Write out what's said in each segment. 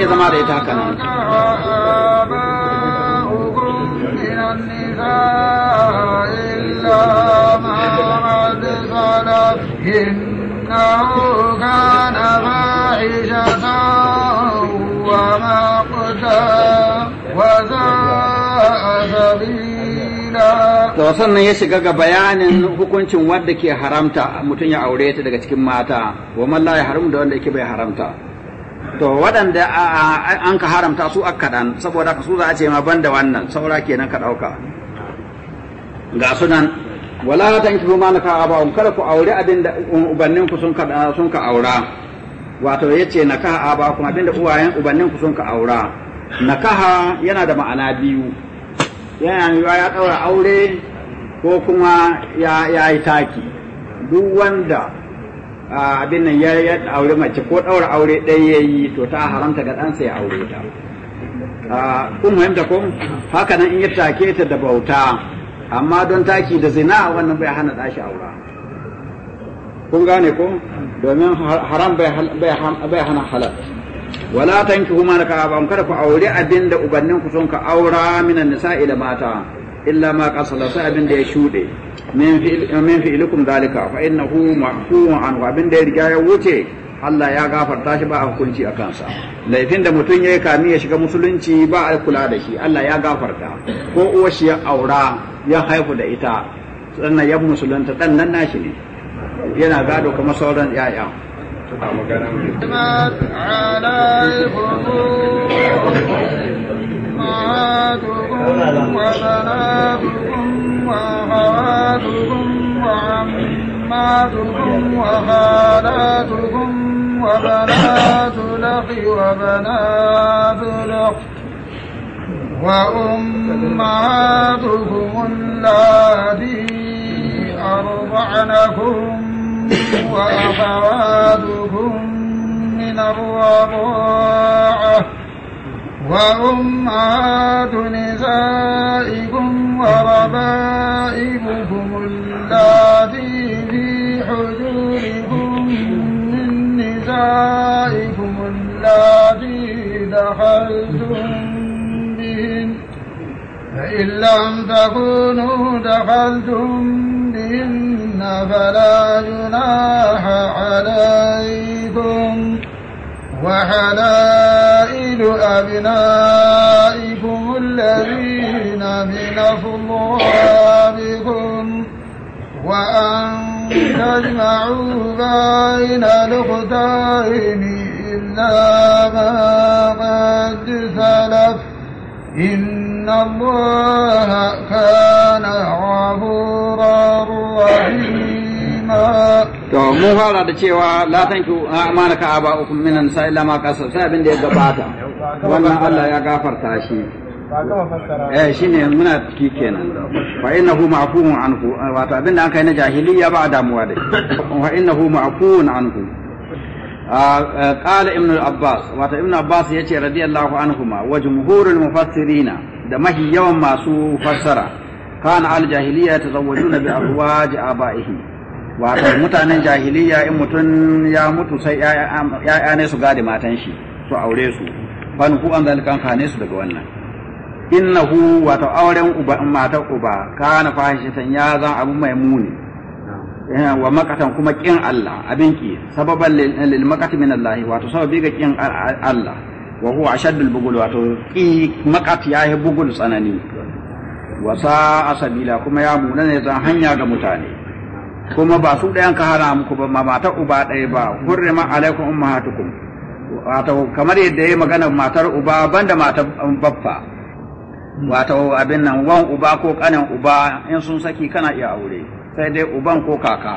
ya zama da ita haka nan sannan ya shiga ga bayanin hukuncin wadda ke haramta mutum ya aure ta daga cikin mata wa man la da wanda yake bai haramta to waɗanda an ka haramta su aka kaɗan saboda ka su za a ce ma ban da wannan saura kenan ka ɗauka ga sunan wala ta kifu na kawo ba'un kada ku aure abin da ubanninku sun sun ka aura wato ya ce na kaha aba kuma abin da uwayen ubanninku sun ka aura nakaha yana da ma'ana biyu yana yiwa ya ɗaura aure ko kuma ya yi taki duk wanda abin nan ya ya aure mace ko ɗaura aure ɗaya yi to ta haramta ga ɗansa ya aure ta kun fahimta ko haka nan in ya take ta da bauta amma don taki da zina wannan bai hana ɗashi aura kun gane ko domin haram bai hana halal wala kuma ma naka ba kada ku aure abin da ubannin ku sun ka aura minan nisa'i da mata illa ma qasala sai abin da ya shude min fi ilikum zalika fa innahu mahfuun an abin da ya riga ya wuce Allah ya gafarta shi ba a hukunci a kansa laifin da mutum ya yi kami ya shiga musulunci ba a kula da shi Allah ya gafarta ko uwa shi ya aura ya haihu da ita sannan ya musulunta dan nan nashi ne yana gado kamar sauran yaya أمهاتكم وبناتكم وأخواتكم وعماتكم وخالاتكم وبنات الأخ وبنات الأخت وأمهاتكم اللاتي أرضعنكم وأخواتكم من الرضاعة وأمهات نسائكم وربائبكم اللاتي في حجوركم من نسائكم اللاتي دخلتم بهن فإن لم تكونوا دخلتم بهن فلا جناح عليكم وحلال أبنائكم الذين من أفضلابكم وأن تجمعوا بين الأختين إلا ما قد سلف إن الله كان غفورا رحيما to mun fara da cewa la tanku amana ka aba ukum minan sa illa ma kasa sai abin da ya gabata wannan Allah ya gafarta shi eh shine muna ciki kenan fa innahu ma'fuun anhu wato abin da an kai na jahiliya ba damuwa da shi fa innahu ma'fuun anhu قال ابن العباس وات ابن عباس يتي رضي الله عنهما وجمهور المفسرين ده مهي يوم ما سو فسر كان على الجاهلية يتزوجون بأزواج آبائهم wato mutanen jahiliya in mutum ya mutu sai ya'ya ne su gadi matan shi su aure su Ban ku an zalika kane su daga wannan innahu wato auren uba matar uba kana fahishatan ya zan abu mai muni wa makatan kuma kin Allah abin ki sababan lil makati min Allah wato sababi ga kin Allah wa huwa ashaddul bugul wato ki makat ya bugul tsanani wa sa sabila kuma ya munana zan hanya ga mutane kuma ba su ɗayan ka hana muku ba ma matar uba ɗaya ba hurrima alaikum ummahatukum wato kamar yadda yayi magana matar uba banda matar baffa wato abin nan wan uba ko kanin uba in sun saki kana iya aure sai dai uban ko kaka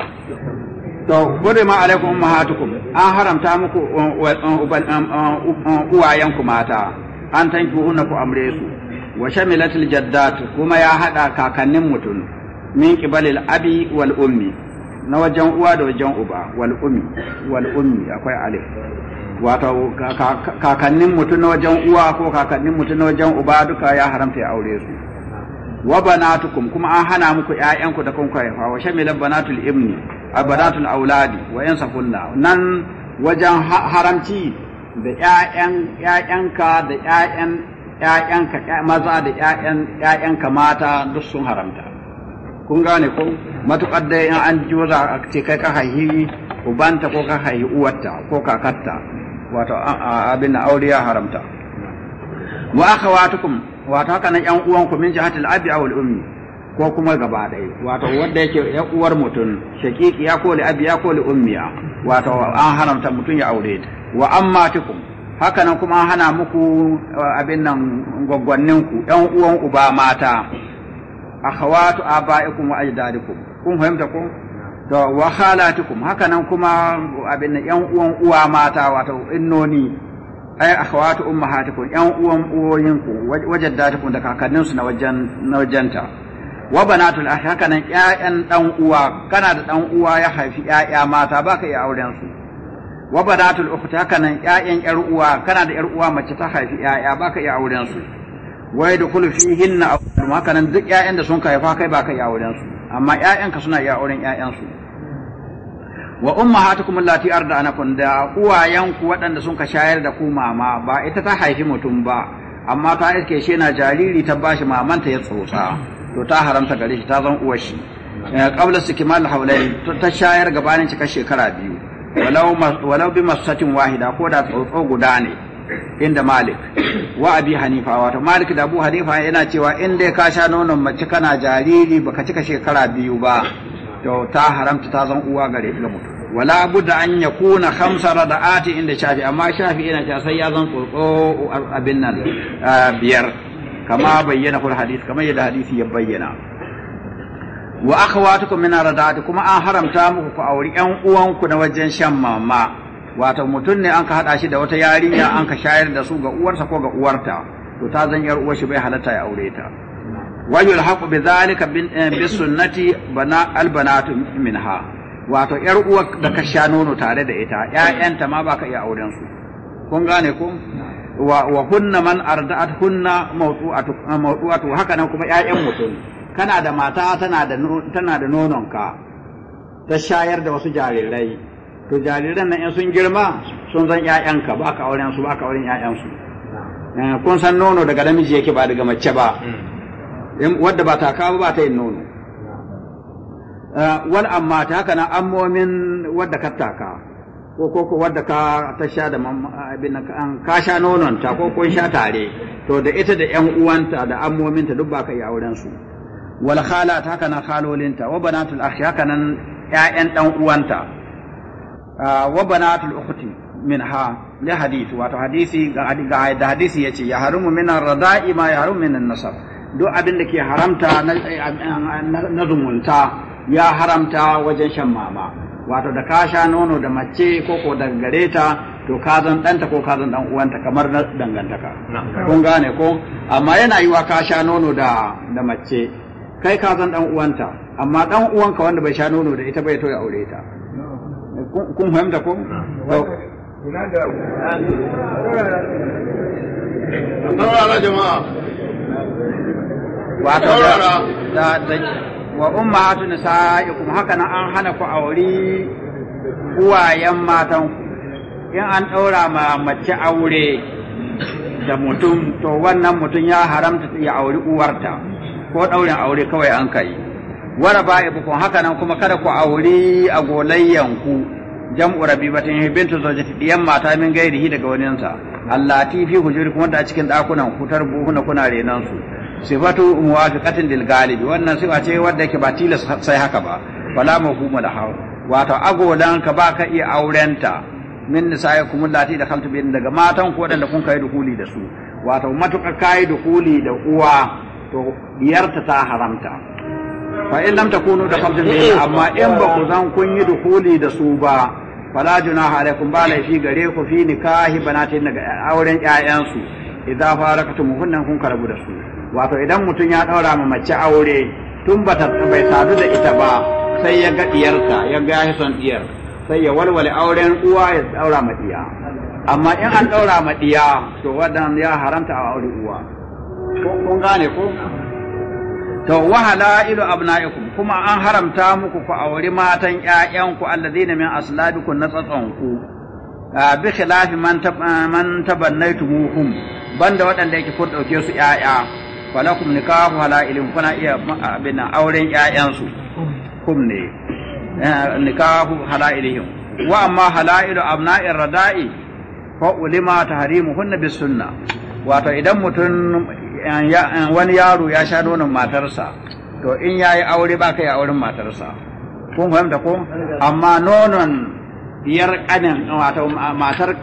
to alaikun alaikum ummahatukum an haramta muku um, um, um, uwayenku mata an tanki hunna ku amre su wa shamilatul jaddat kuma ya hada kakannin mutum min qibalil abi wal ummi na wajen uwa da wajen uba wal ummi wal ummi akwai alif wato kakannin mutum na wajen uwa ko kakannin mutum na wajen uba duka ya haramta ya aure su wa banatukum kuma an hana muku ƴaƴanku da kun haifa wa shamilal banatul ibni abadatul auladi wa yansafullah nan wajen haramci da ƴaƴan ƴaƴanka da ƴaƴan ƴaƴanka maza da ƴaƴan ƴaƴanka mata duk sun haramta kun gane ko matuƙar da in an joza a ce kai ka haihi ubanta ko ka haihi uwarta ko kakarta wato abin aure ya haramta wa akhawatukum wato haka nan yan ku min jihatil abi a al ummi ko kuma gaba ɗaya wato wanda yake yan uwar mutum shaqiqi ya koli abi ya koli li ummiya wato an haramta mutum ya aure wa ammatukum haka nan kuma an hana muku abin nan gwaggwanninku yan uwan uba mata akhawatu abaikum wa ajdadikum kun fahimta ko to wa khalatukum haka nan kuma abin yan uwan uwa mata wato innoni ai akhawatu ummahatikum yan uwan uwoyinku wajaddatikum da kakannin su na wajen na wajenta wa banatul akh haka nan ƴaƴan dan uwa kana da dan uwa ya haifi ƴaƴa mata baka iya auren su wa banatul ukhti haka nan ƴaƴan ƴar uwa kana da ƴar uwa mace ta haifi ƴaƴa baka iya auren su wai da kullu fihinna afdal nan duk ƴaƴan da sun ka haifa kai ba kai auren su amma ka suna iya auren ƴaƴan su wa ummahatukum allati anakum da uwayanku waɗanda sun ka shayar da ku mama ba ita ta haifi mutum ba amma ta iske shi na jariri ta bashi maman ta ya tsotsa to ta haramta gare shi ta zan uwar shi eh, qabla sikimal hawlain ta shayar gabanin cika shekara biyu walau walau bi masatin wahida ko da tsotso guda ne inda Malik wa Abi Hanifa wato Malik da Abu Hanifa yana cewa in dai ka sha nonon mace kana jariri baka cika shekara biyu ba to ta haramta ta zan uwa gare ga mutum wala budda an yakuna khamsa rada'ati inda Shafi amma Shafi yana cewa sai ya zan kurko abin nan biyar kama bayyana fil hadisi, kama yadda hadisi ya bayyana wa akhawatukum min rada'ati kuma an haramta muku ku auri 'yan uwanku na wajen shan mama wato mutum ne an ka haɗa shi da wata yarinya an ka shayar da su ga uwarsa ko ga uwarta to ta zan yar uwar shi bai halatta ya aure ta wajul haqu bi zalika eh, bi sunnati bana al banatu minha wato yar uwar da ka sha nono tare da ita ƴaƴanta ma baka iya auren su kun gane ko wa wa hunna man arda'at hunna mawdu'atu eh, mawdu'atu haka nan kuma ƴaƴan mutum kana da mata tana da tana da nononka ta shayar da wasu jarirai to jariran nan in sun girma sun zan ƴaƴanka ba ka auren su ba ka auren ƴaƴansu eh, kun san nono daga namiji yake ba daga mace ba hmm. wadda ba ta kawo ba ta yin nono eh, wal amma ta haka na ammomin wadda ka taka ko ko ko wadda ka ta sha da abin an ka sha nonon ta ko kun sha tare to da ita da ƴan uwanta da ammominta duk ba ka yi auren su wal khala ta haka na khalolinta wa banatul akhi haka nan ƴaƴan dan uwanta wa banatul ukhti minha li hadith wato hadisi ga da hadisi yace ya harumu min ar-rada'i ma ya harumu min an-nasab duk abin da ke haramta na zumunta ya haramta wajen shan mama wato da ka sha nono da mace ko ko dangare gareta to ka zan ɗanta ko ka zan dan uwanta kamar na dangantaka kun gane ko amma yana yi wa ka sha nono da da mace kai ka zan dan uwanta amma dan uwanka wanda bai sha nono da ita bai to ya aureta. kun fahimta ko saurara jama'a wato da da wa ummahatu nisa'ikum an hana ku aure uwayen matan in an ɗaura ma mace aure da mutum to wannan mutum ya haramta ya aure uwarta ko ɗaurin aure kawai an kai wara ba ibukun haka nan kuma kada ku aure a ku. jam'u rabibatin bintu zawjati yan mata min gairihi daga waninsa ti fi hujurikum kuma a cikin dakunan kutar buhuna kuna renan su sifatu muwafiqatin lil galibi wannan sifa ce wanda yake ba tilas sai haka ba wala mafhumu da hawa wato agodan ka ba ka iya aurenta min kuma lati da kaltu bin daga matan ku wadanda kun kai dukuli da su wato matuka kai dukuli da uwa to diyarta ta haramta fa in lam takunu da khamsin amma in ba ku zan kun yi dukuli da su ba fala junaha alaikum ba laifi gare ku fi nikahi banatin daga auren ƴaƴansu idan farakatu hunnan kun karbu da su wato idan mutum ya daura ma mace aure tun bata bai sadu da ita ba sai ya ga diyarsa ya ga ya san diyar sai ya walwale auren uwa ya daura ma diya amma in an daura ma diya to wadan ya haramta a aure uwa kun gane ko to wahala ilu abna'ikum kuma an haramta muku ku auri matan ƴaƴanku alladhina min aslabikum na tsatsonku ah, bi khilafi man man tabannaytumuhum banda waɗanda yake kun dauke su ƴaƴa falakum nikahu halailin kuna iya abin auren ƴaƴansu kum ne eh, nikahu halailihim wa amma halailu abna'ir rada'i fa ulima tahrimuhunna bis sunnah wato idan mutum wani yaro ya sha nonon matarsa to in ya yi aure ba ka yi auren matarsa kun fahimta ko amma nonon yar ƙanin matar